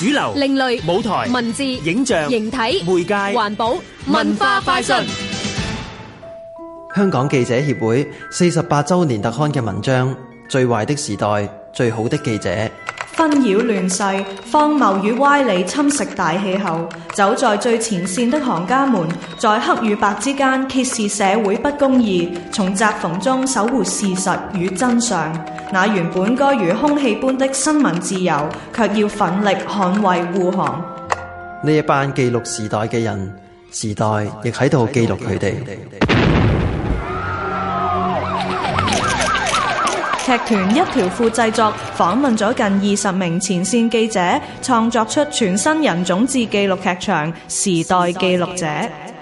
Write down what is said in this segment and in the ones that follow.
主流、另類、舞台、文字、影像、形體、媒介、環保、文化快訊。香港記者協會四十八周年特刊嘅文章：最壞的時代，最好的記者。紛擾亂世，荒謬與歪理侵蝕大氣候。走在最前線的行家們，在黑與白之間揭示社會不公義，從窄縫中守護事實與真相。那原本該如空氣般的新聞自由，卻要奮力捍衛護航。呢一班記錄時代嘅人，時代亦喺度記錄佢哋。劇團一條褲製作訪問咗近二十名前線記者，創作出全新人種字紀錄劇場《時代記錄者》，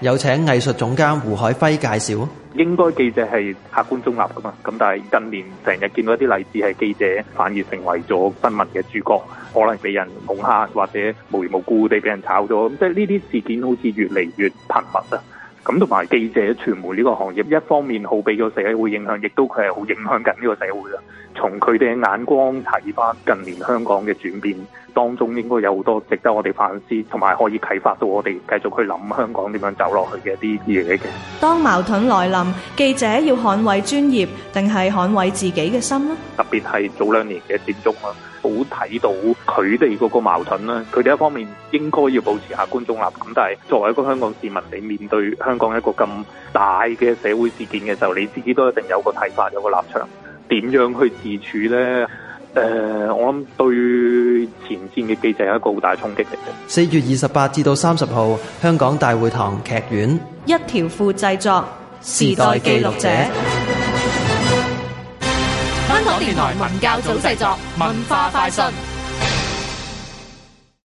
有請藝術總監胡海輝介紹。應該記者係客觀中立㗎嘛？咁但係近年成日見到一啲例子，係記者反而成為咗新聞嘅主角，可能俾人恐嚇或者無緣無故地俾人炒咗，咁即係呢啲事件好似越嚟越頻密咁同埋記者傳媒呢個行業，一方面好俾咗社會影響，亦都佢係好影響緊呢個社會啦。從佢哋嘅眼光睇返近年香港嘅轉變。當中應該有好多值得我哋反思，同埋可以啟發到我哋繼續去諗香港點樣走落去嘅啲嘢嘅。當矛盾來臨，記者要捍衛專業，定係捍衛自己嘅心呢？特別係早兩年嘅節目中，好睇到佢哋嗰個矛盾啦。佢哋一方面應該要保持下觀眾立場，但係作為一個香港市民，你面對香港一個咁大嘅社會事件嘅時候，你自己都一定有個睇法，有個立場，點樣去自處呢？誒，uh, 我諗對前線嘅記者有一個好大衝擊嚟嘅。四月二十八至到三十號，香港大會堂劇院，一條褲製作《時代記錄者》，香港電台文教組製作《文化快訊》。